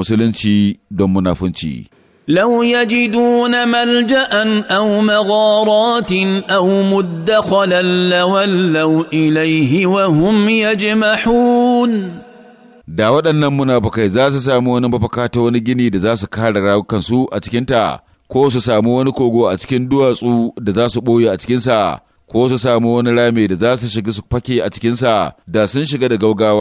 musulunci don munafunci. لو يجدون ملجا او مغارات او مدخلا لولوا ya وهم يجمحون da waɗannan munafukai za su sami wani mafaka ta wani gini da za su kare rayukansu a cikinta ko su sami wani kogo a cikin duwatsu da za su ɓoye a cikinsa ko su sami wani rami da za su shiga su fake a cikinsa da sun shiga da gaugawa